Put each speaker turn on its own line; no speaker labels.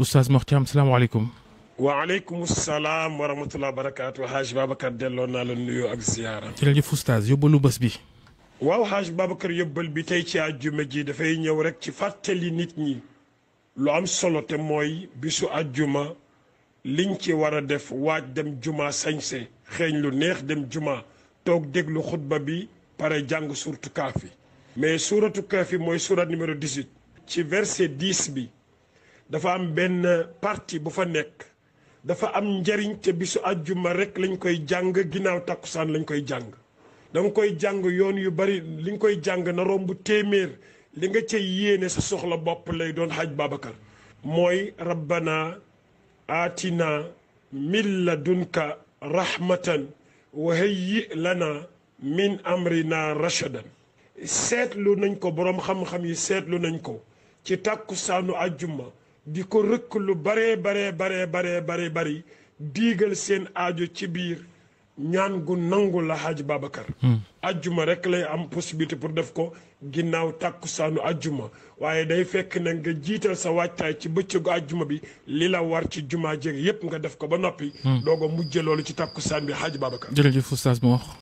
استاذ محترم السلام عليكم
وعليكم السلام ورحمه الله وبركاته حاج بابكر دلونا لا نيو اك زياره
جيرجف استاذ يوبلو بس بي
واو حاج بابكر يوبل بي تي تي اجوما جي دا فاي نييو ريك تي فاتلي نيت ني لو ام سولو تي موي بيسو اجوما لين تي ورا ديف واج دم جوما سانسي خين لو نيه دم جوما توك ديغلو خطبه بي باراي جانغ سورتو كافي مي سورتو كافي موي سوره نيميرو 18 تي فيرسي 10 بي dafa am benn parti bu fa nekk dafa am njariñ te bisu àjjuma rek lañ koy jàng ginnaaw takkusaan lañ koy jàng danga koy jàng yoon yu bari li koy jàng na romb téeméer li nga cay yéene sa soxla bopp lay doon xaj Babacar mooy rabbana aatina min ladunka rahmatan wa hayyi lana min amrina rashadan seetlu nañ ko boroom xam-xam yi seetlu nañ ko ci tàkkusaanu àjjuma di ko rëkk lu baree baree baree baree baree bari diigal seen aajo ci biir ñaan gu nangu la Hadj Babacar. Hmm. ajjuma rek lay am possibilité pour def ko ginnaaw tàkkusaanu ajjuma waaye day fekk na nga jiital sa waajtaay ci bëccëgu ajjuma bi li la war ci jumaa jeeg yépp nga def ko ba noppi. Hmm. doog a mujjee loolu ci tàkkusaan bi Hadj Babacar.
jërëjëf Oustaz Mor